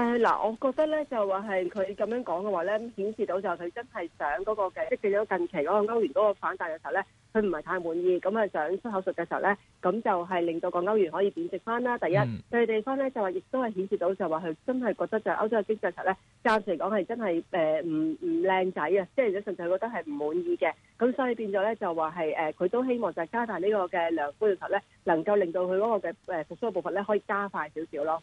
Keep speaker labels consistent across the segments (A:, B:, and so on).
A: 誒，嗱、呃，我覺得咧就話係佢咁樣講嘅話咧，顯示到就佢真係想嗰、那個嘅，即係咁近期嗰個歐元嗰個反彈嘅時候咧，佢唔係太滿意，咁啊想出口術嘅時候咧，咁就係令到個歐元可以貶值翻啦。第一，第二、嗯、地方咧就話亦都係顯示到就話佢真係覺得就歐洲嘅經濟實咧，暫時嚟講係真係誒唔唔靚仔啊，即係而甚至係覺得係唔滿意嘅。咁所以變咗咧就話係誒，佢、呃、都希望就係加大這個的呢個嘅量寬，嗰嘅時候咧，能夠令到佢嗰個嘅誒復甦嘅步伐咧可以加快少少咯。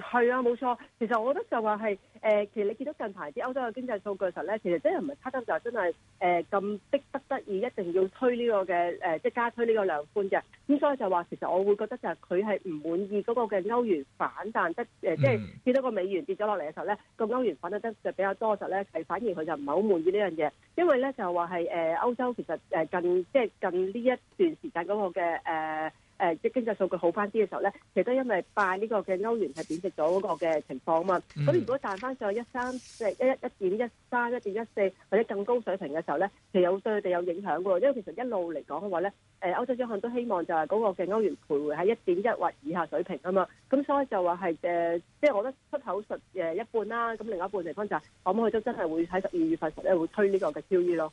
A: 係啊，冇錯。其實我覺得就話係誒，其實你見到近排啲歐洲嘅經濟數據嘅時候咧，其實真係唔係差得就係真係誒咁逼不得已一定要推呢、這個嘅誒、呃，即係加推呢個量寬嘅。咁所以就話其實我會覺得就係佢係唔滿意嗰個嘅歐元反彈得誒，即係見到個美元跌咗落嚟嘅時候咧，個歐元反彈得就比較多嘅時候咧，係反而佢就唔係好滿意呢樣嘢。因為咧就話係誒歐洲其實誒、呃、近即係近呢一段時間嗰個嘅誒誒即係經濟數據好返啲嘅時候咧，其實都因為拜呢個嘅歐元係貶咗嗰個嘅情況啊嘛，咁、嗯、如果彈翻上一三四一一一點一三一點一四或者更高水平嘅時候咧，其實有對佢哋有影響喎，因為其實一路嚟講嘅話咧，誒、呃、歐洲央行都希望就係嗰個嘅歐元徘徊喺一點一或以下水平啊嘛，咁所以就話係誒，即係我覺得出口術誒、呃、一半啦，咁另外一半地方就係歐盟佢都真係會喺十二月份咧會推呢個嘅 QE 咯。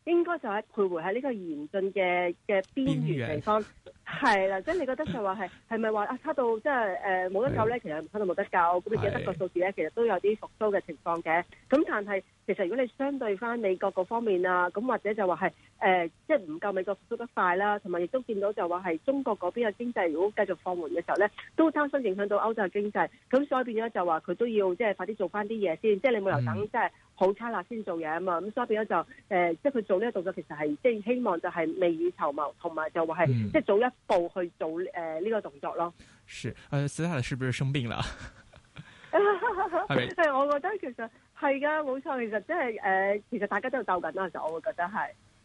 A: 應該就係徘徊喺呢個嚴峻嘅嘅邊緣地方，係啦。即係、就是、你覺得就話係係咪話啊差到即係誒冇得救咧？的其實唔差到冇得救。咁你睇得個數字咧，其實都有啲復甦嘅情況嘅。咁但係其實如果你相對翻美國嗰方面啊，咁或者就話係誒即係唔夠美國復甦得快啦，同埋亦都見到就話係中國嗰邊嘅經濟如果繼續放緩嘅時候咧，都擔心影響到歐洲嘅經濟。咁所以變咗就話佢都要即係快啲做翻啲嘢先，即係你冇理由等即係好差啦先做嘢啊嘛。咁、嗯、所以變咗就誒、呃，即係佢。做呢個動作其實係即係希望就係未雨綢繆，同埋就話係即係早一步去做誒呢、呃這個動作咯。
B: 是，誒、呃、Stella 是不是生病啦？
A: 係， 我覺得其實係噶冇錯，其實即係誒，其實大家都喺度鬥緊啦，就我會覺得係。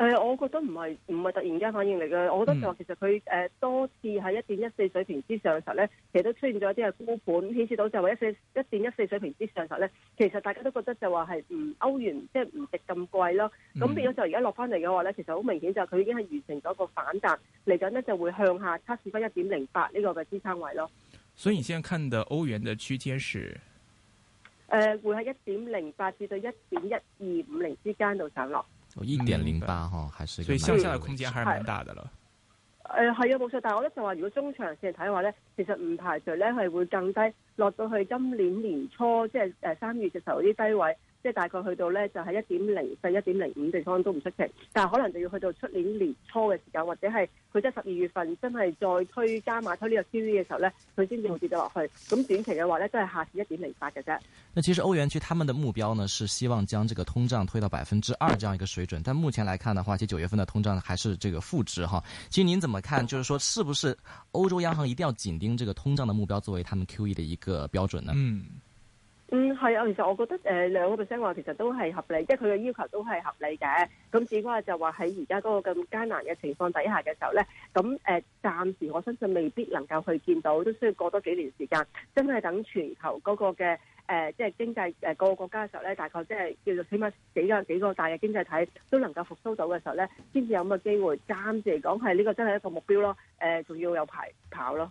A: 誒，我覺得唔係唔係突然間反應嚟嘅，我覺得就話其實佢誒、呃、多次喺一點一四水平之上嘅時候咧，其實都出現咗一啲嘅沽盤，顯示到就話一四一點一四水平之上嘅時候咧，其實大家都覺得就話係唔歐元即係唔值咁貴咯。咁變咗就而家落翻嚟嘅話咧，其實好明顯就係佢已經係完成咗一個反彈嚟緊呢，就會向下測試翻一點零八呢個嘅支撐位咯。
B: 所以你現在看的歐元嘅區間是
A: 誒、呃，會喺一點零八至到一點一二五零之間度上落。
C: 一點零八嗬，還是所以向下的空間還是蠻大的咯。
A: 誒係啊，冇錯、呃。但係我都就話，如果中長線嚟睇嘅話咧，其實唔排除咧係會更低，落到去今年年初即係誒三月嘅時候啲低位。即係大概去到呢，就係一點零四、一點零五地方都唔出奇，但係可能就要去到出年年初嘅時候，或者係佢即係十二月份真係再推加碼推呢個 Q E 嘅時候呢，佢先至會跌咗落去。咁短期嘅話呢，都係下市一點零八嘅啫。
C: 那其實歐元區他們的目標呢是希望將這個通脹推到百分之二這樣一個水準，但目前來看的話，其實九月份的通脹還是這個負值哈。其實您怎麼看，就是說是不是歐洲央行一定要緊盯這個通脹的目標作為他們 Q E 的一個標準呢？嗯。
A: 嗯，係啊，其實我覺得，誒，兩個 percent 話其實都係合理，即係佢嘅要求都係合理嘅。咁只不過就話喺而家嗰個咁艱難嘅情況底下嘅時候咧，咁誒，暫時我相信未必能夠去見到，都需要過多幾年時間。真係等全球嗰個嘅，誒，即係經濟誒，各個國家嘅時候咧，大概即係叫做起碼幾個幾個大嘅經濟體都能夠復蘇到嘅時候咧，先至有咁嘅機會。暫時嚟講，係呢個真係一個目標咯。誒，仲要有排跑咯。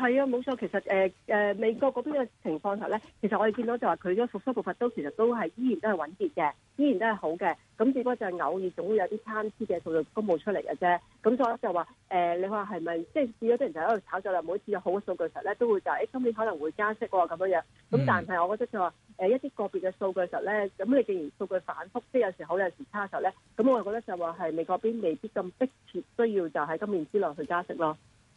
A: 係啊，冇錯，其實誒誒、呃呃、美國嗰邊嘅情況下咧，其實我哋見到就話佢嘅復甦步伐都其實都係依然都係穩健嘅，依然都係好嘅。咁只不過就係偶爾總會有啲參差嘅數據公佈出嚟嘅啫。咁所以就話誒、呃，你話係咪即係試咗啲人就喺度炒作啦？每次有好嘅數據時候咧，都會就喺今年可能會加息喎咁樣樣。咁但係我覺得就話誒、呃、一啲個別嘅數據時候咧，咁你既然數據反覆，即係有時好有時差嘅時候咧，咁我係覺得就話係美國邊未必咁迫切需要就喺今年之內去加息咯。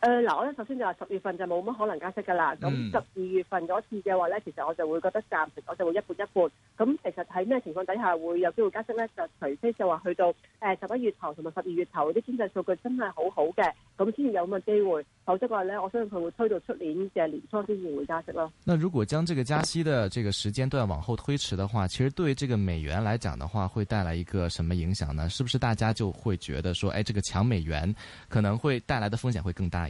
A: 誒嗱、呃，我咧首先就話十月份就冇乜可能加息噶啦。咁十二月份嗰次嘅話咧，其實我就會覺得暫時，我就會一半一半。咁其實喺咩情況底下會有機會加息咧？就除非就話去到誒十一月頭同埋十二月頭啲經濟數據真係好好嘅，咁先有咁嘅機會。否則嘅話咧，我相信佢會推到出年嘅年初先至會加息咯。
C: 那如果將這個加息嘅這個時間段往後推遲的話，其實對這個美元來講的話，會帶來一個什麼影響呢？是不是大家就會覺得說，誒、哎，這個強美元可能會帶來的風險會更大？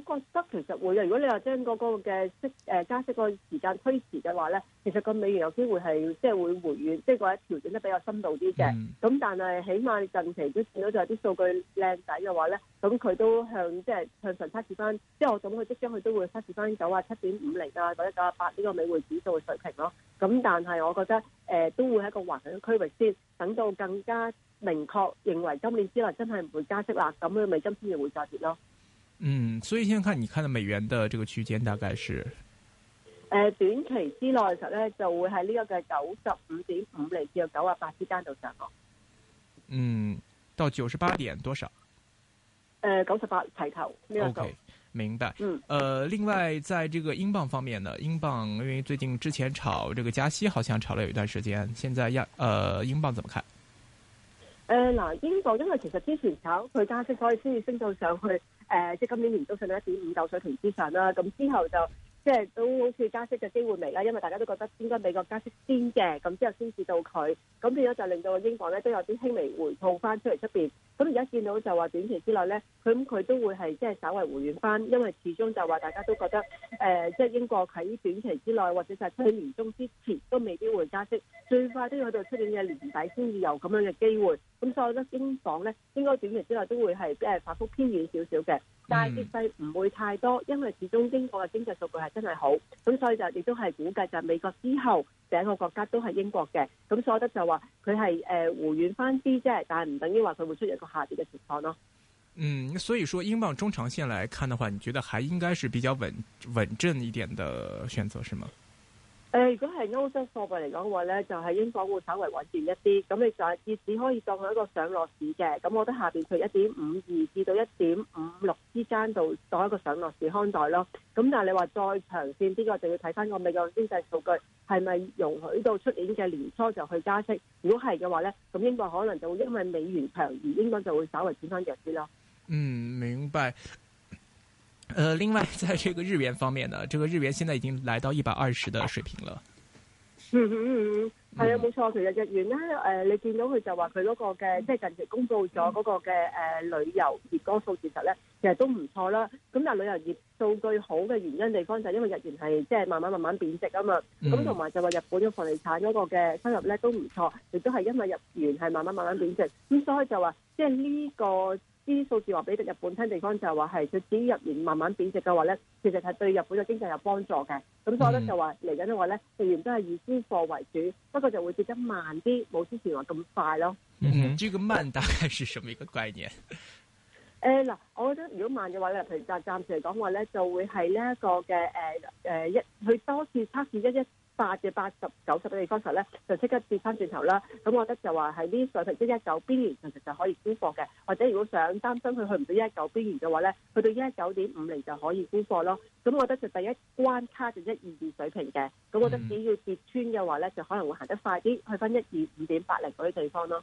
A: 覺得其實會啊！如果你話將嗰個嘅息誒加息個時間推遲嘅話咧，其實個美元有機會係即係會回軟，即係或者調整得比較深度啲嘅。咁、嗯、但係起碼近期都見到就係啲數據靚仔嘅話咧，咁佢都向即係、就是、向上測試翻，即係我諗佢即將佢都會測試翻九啊七點五零啊或者九啊八呢個美匯指數嘅水平咯。咁但係我覺得誒、呃、都會喺一個橫行嘅區域先，等到更加明確認為今年之內真係唔會加息啦，咁咧咪今天就會再跌咯。
B: 嗯，所以現在看你看的美元的這個區間大概是
A: 呃短期之內實咧，就會喺呢個嘅九十五點五零至到九十八之間度上落。
B: 嗯，到九十八點多少？
A: 呃九十八齊頭、這
B: 個、OK，明白。嗯、呃。呃另外，在這個英鎊方面呢，英鎊因為最近之前炒這個加息，好像炒了有一段時間，現在要，呃，英鎊怎麼看？
A: 呃嗱，英鎊因為其實之前炒佢加息，所以先至升到上去。誒、呃，即係今年年都上到一點五九水平之上啦，咁之後就即係都好似加息嘅機會嚟啦，因為大家都覺得應該美國加息先嘅，咁之後先至到佢，咁變咗就令到英國咧都有啲輕微回吐翻出嚟出邊，咁而家見到就話短期之內咧，佢咁佢都會係即係稍微回軟翻，因為始終就話大家都覺得誒、呃，即係英國喺短期之內或者就係喺年中之前都未必會加息。最快都要去到出年嘅年底先至有咁樣嘅機會，咁所以我覺得英鎊咧應該短期之內都會係即係反覆偏軟少少嘅，但係跌勢唔會太多，因為始終英國嘅經濟數據係真係好，咁所以就亦都係估計就係美國之後整個國家都係英國嘅，咁所以我覺得就話佢係誒回軟翻啲，即、呃、係但係唔等於話佢會出現一個下跌嘅情況咯。嗯，
B: 所以說英鎊中長線來看的話，你覺得還應該是比較穩穩陣一點嘅選擇，是嗎？
A: 誒，如果係歐洲貨幣嚟講嘅話咧，就係英鎊會稍微穩定一啲，咁你就係節市可以當佢一個上落市嘅，咁我覺得下邊喺一點五二至到一點五六之間度當一個上落市看待咯。咁但係你話再長線啲，我就要睇翻個美國經濟數據係咪容許到出年嘅年初就去加息。如果係嘅話咧，咁英鎊可能就會因為美元強而英鎊就會稍微轉翻弱啲咯。嗯，
B: 明白。誒、呃，另外，在這個日元方面呢，這個日元現在已經來到一百二十的水平
A: 了。嗯嗯嗯，係啊，冇錯，其實日元呢，誒、呃，你見到佢就話佢嗰個嘅，即、就、係、是、近期公布咗嗰個嘅誒、嗯呃、旅遊業高數字，實呢，其實都唔錯啦。咁但係旅遊業數據好嘅原因地方就係因為日元係即係慢慢慢慢貶值啊嘛。咁同埋就話日本嘅房地產嗰個嘅收入咧都唔錯，亦都係因為日元係慢慢慢慢貶值，咁、嗯、所以就話即係呢個。啲數字話俾日本聽，地方就係話係佢紙入面慢慢貶值嘅話咧，其實係對日本嘅經濟有幫助嘅。咁所以咧就話嚟緊嘅話咧，仍然都係以輸貨為主，不過就會跌得慢啲，冇之前話咁快咯。嗯，
B: 呢個慢大概係什麼一個概念？
A: 誒嗱、呃，我覺得如果慢嘅話咧，譬如暫暫時嚟講話咧，就會係呢、呃、一個嘅誒誒一去多次測試一一。八至八十九十嘅地方頭咧，就即刻跌翻轉頭啦。咁我覺得就話喺呢水平，一一九邊緣其實就可以沽貨嘅，或者如果想擔心佢去唔到一一九邊緣嘅話咧，去到一一九點五零就可以沽貨咯。咁我覺得就第一關卡就一二二水平嘅，咁我覺得只要跌穿嘅話咧，就可能會行得快啲，去翻一二五點八零嗰啲地方咯。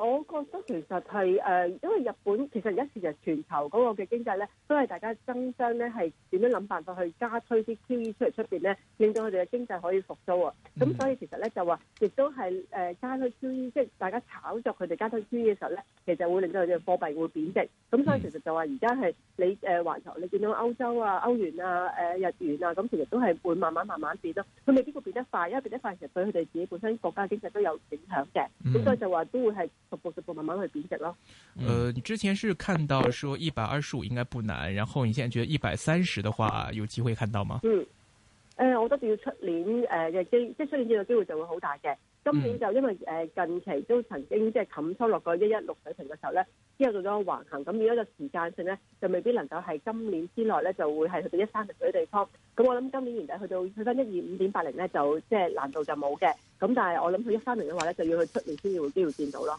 A: 我覺得其實係誒、呃，因為日本其實而家時就全球嗰個嘅經濟咧，都係大家爭相咧係點樣諗辦法去加推啲 QE 出嚟出邊咧，令到佢哋嘅經濟可以復甦啊、哦。咁、mm hmm. 嗯、所以其實咧就話，亦都係誒、呃、加推 QE，即係大家炒作佢哋加推 QE 嘅時候咧，其實會令到佢哋貨幣會貶值。咁所以其實就話而家係你誒環球，呃、你見到歐洲啊、歐元啊、誒、呃、日元啊，咁其實都係會慢慢慢慢變咯。佢未必會變得快，因為變得快其實對佢哋自己本身國家經濟都有影響嘅。咁、mm hmm. 嗯、所以就話都會係。逐步逐步慢慢去貶值咯。呃、
B: 嗯，你、嗯、之前是看到說一百二十五應該不難，然後你現在覺得一百三十的話有機會看到嗎？嗯，
A: 誒、呃，我覺得要出年誒嘅機，即係出年呢個機會就會好大嘅。今年就因為誒、呃、近期都曾經即係冚收落過一一六水平嘅時候咧，之後到咗橫行，咁如果個時間性咧就未必能夠係今年之內咧就會係去到一三十水地方。咁我諗今年年底去到去返一二五點八零咧，即就即係難度就冇嘅。咁但係我諗去一三十嘅話咧，就要去出年先有機會見到咯。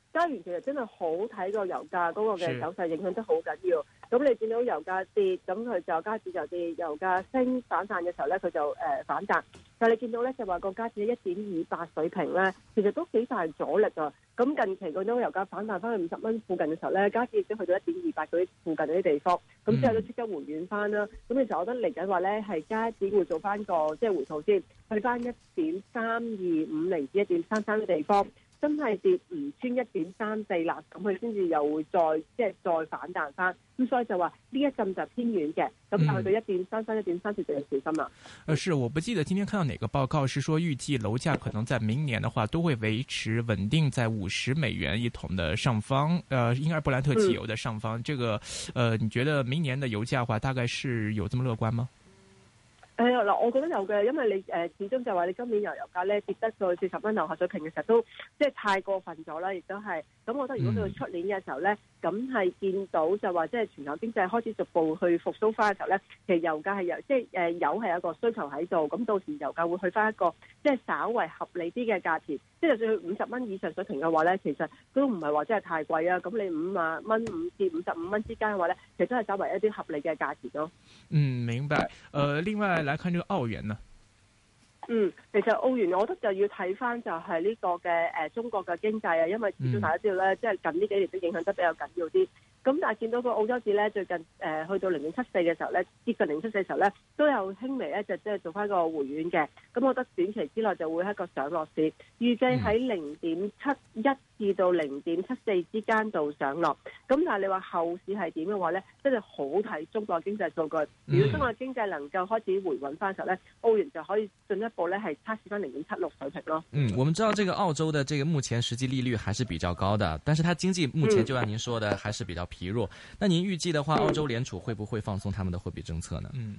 A: 加元其實真係好睇個油價嗰個嘅走勢影響得好緊要。咁的你見到油價跌，咁佢就加紙就跌；油價升反彈嘅時候咧，佢就、呃、反彈。但係你見到咧，就話個加紙一點二八水平咧，其實都幾大阻力啊。咁近期嗰種油價反彈翻去五十蚊附近嘅時候咧，加紙已經去到一點二八嗰啲附近嗰啲地方，咁之後都即刻回軟翻啦。咁、嗯、其實我覺得嚟緊話咧，係加紙會做翻個即係回吐先，去翻一點三二五零至一點三三嘅地方。真係跌唔穿一點三四啦，咁佢先至又會再即係再反彈翻。咁所以就話呢一陣就偏遠嘅，咁去到一點三三、一點三四就要小
B: 心啦。呃、嗯、是，我不記得今天看到哪個報告是說預計樓價可能在明年的話都會維持穩定在五十美元一桶的上方，呃，應該是布蘭特汽油的上方。嗯、這個，呃，你覺得明年的油價話大概是有咁樣樂觀嗎？
A: 係啊，嗱，我覺得有嘅，因為你誒始終就係話你今年油油價咧跌得到四十蚊樓下水平嘅時候，都即係太過分咗啦，亦都係。咁我覺得如果到出年嘅時候咧。咁係見到就話，即係全球經濟開始逐步去復甦翻嘅時候咧，其實油價係有即係誒有係一個需求喺度，咁到時油價會去翻一個即係稍為合理啲嘅價錢，即係就算去五十蚊以上水平嘅話咧，其實都唔係話真係太貴啊。咁你五萬蚊五至五十五蚊之間嘅話咧，其實都係稍為一啲合理嘅價錢咯。嗯，
B: 明白。誒、呃，另外嚟看呢個澳元呢？
A: 嗯，其實澳元，我覺得就要睇翻就係呢個嘅、呃、中國嘅經濟啊，因為、mm. 至少大家知道咧，即係近呢幾年都影響得比較緊要啲。咁但係見到個澳洲紙咧，最近誒去到零點七四嘅時候咧，接近零點七四嘅時候咧，都有輕微咧就即係做翻個回暖嘅。咁我覺得短期之內就會係一個上落市，預計喺零點七一至到零點七四之間度上落。咁、嗯、但係你話後市係點嘅話咧，即係好睇中國經濟數據。如果中國經濟能夠開始回穩翻嘅時候咧，澳元就可以進一步咧係測試翻零點七六水平咯。嗯，
C: 我們知道這個澳洲的這個目前實際利率還是比較高的，但是佢經濟目前就像您說的，還是比較高。嗯嗯疲弱，那您預計的話，澳洲聯儲會不會放鬆他們的貨幣政策呢？嗯，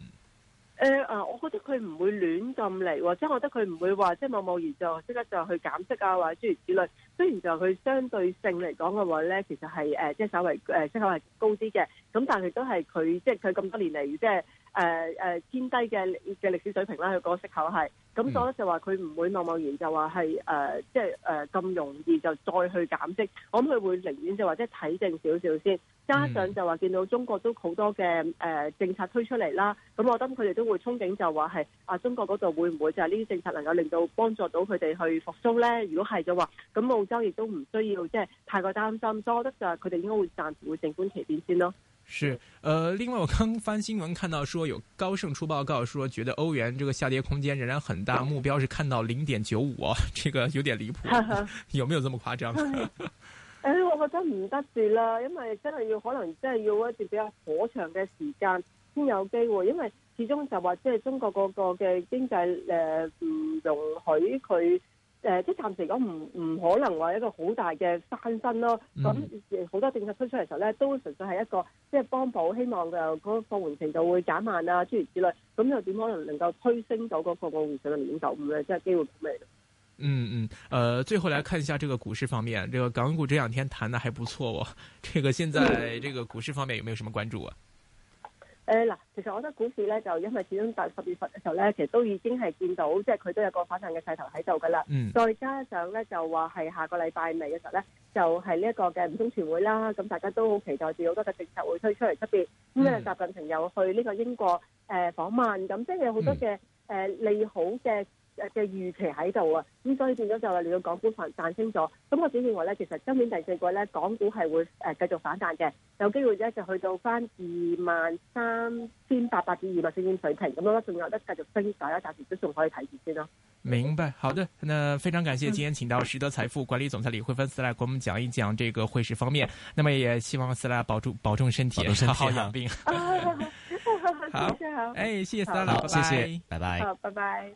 A: 誒啊、呃，我覺得佢唔會亂咁嚟，或者我覺得佢唔會話即係貿貿然就即刻就去減息啊，或者諸如此類。雖然就佢相對性嚟講嘅話咧，其實係誒、呃、即係稍微誒、呃、息口係高啲嘅，咁但係都係佢即係佢咁多年嚟即係。誒誒偏低嘅嘅歷史水平啦，佢個息口係，咁所以就話佢唔會貿貿然就話係誒，即係誒咁容易就再去減息，我諗佢會寧願就話即係睇定少少先，加上就話見到中國都好多嘅誒、呃、政策推出嚟啦，咁我覺得佢哋都會憧憬就話係啊，中國嗰度會唔會就係呢啲政策能夠令到幫助到佢哋去復甦咧？如果係就話，咁澳洲亦都唔需要即係、就是、太過擔心，所以我覺得就係佢哋應該會暫時會靜觀其變先咯。
B: 是，呃，另外我剛翻新聞看到說有高盛出報告說，覺得歐元這個下跌空間仍然很大，目標是看到零點九五，哦，這個有點離譜， 有沒有這麼誇張？
A: 哎，我覺得唔得住啦，因為真係要可能真係要一段比較頗長嘅時間先有機會，因為始終就話即係中國嗰個嘅經濟誒唔容許佢。誒，即係、呃、暫時講唔唔可能話一個好大嘅翻身咯。咁好多政策推出嚟時候咧，都純粹係一個即係幫補，希望那個就嗰個復原程度會減慢啊，諸如此類。咁又點可能能夠推升到嗰個個匯率嘅年點九五咧？即係機會咩？嗯嗯，誒、
B: 呃，最後來看一下這個股市方面，這個港股這兩天彈得還不錯喎，哦。這個現在這個股市方面有沒有什麼關注啊？
A: 誒嗱，其實我覺得股市咧，就因為始終大十月份嘅時候咧，其實都已經係見到，即係佢都有個反彈嘅勢頭喺度噶啦。嗯，mm. 再加上咧就話係下個禮拜尾嘅時候咧，就係呢一個嘅五中全會啦。咁大家都好期待住好多嘅政策會推出嚟出邊。咁啊，習近平又去呢個英國誒訪、呃、問，咁即係有好多嘅誒、mm. 呃、利好嘅。嘅預期喺度啊，咁所以變咗就係你要港股反彈升咗，咁我自己認為咧，其實今年第四季咧，港股係會誒、呃、繼續反彈嘅，有機會咧就去到翻二萬三千八百至二百八線水平咁咯，仲有得繼續升，大家暫時都仲可以睇住先咯、
B: 哦。明白，好的，那非常感謝今天請到實德財富、嗯、管理總裁李慧芬 Stella 跟我們講一講這個匯市方面，嗯、那麼也希望 Stella 保住保重身體，身體啊、好，好，好，好。好，謝謝，
A: 好，哎，謝謝 Stella，謝謝，拜拜。好，拜拜。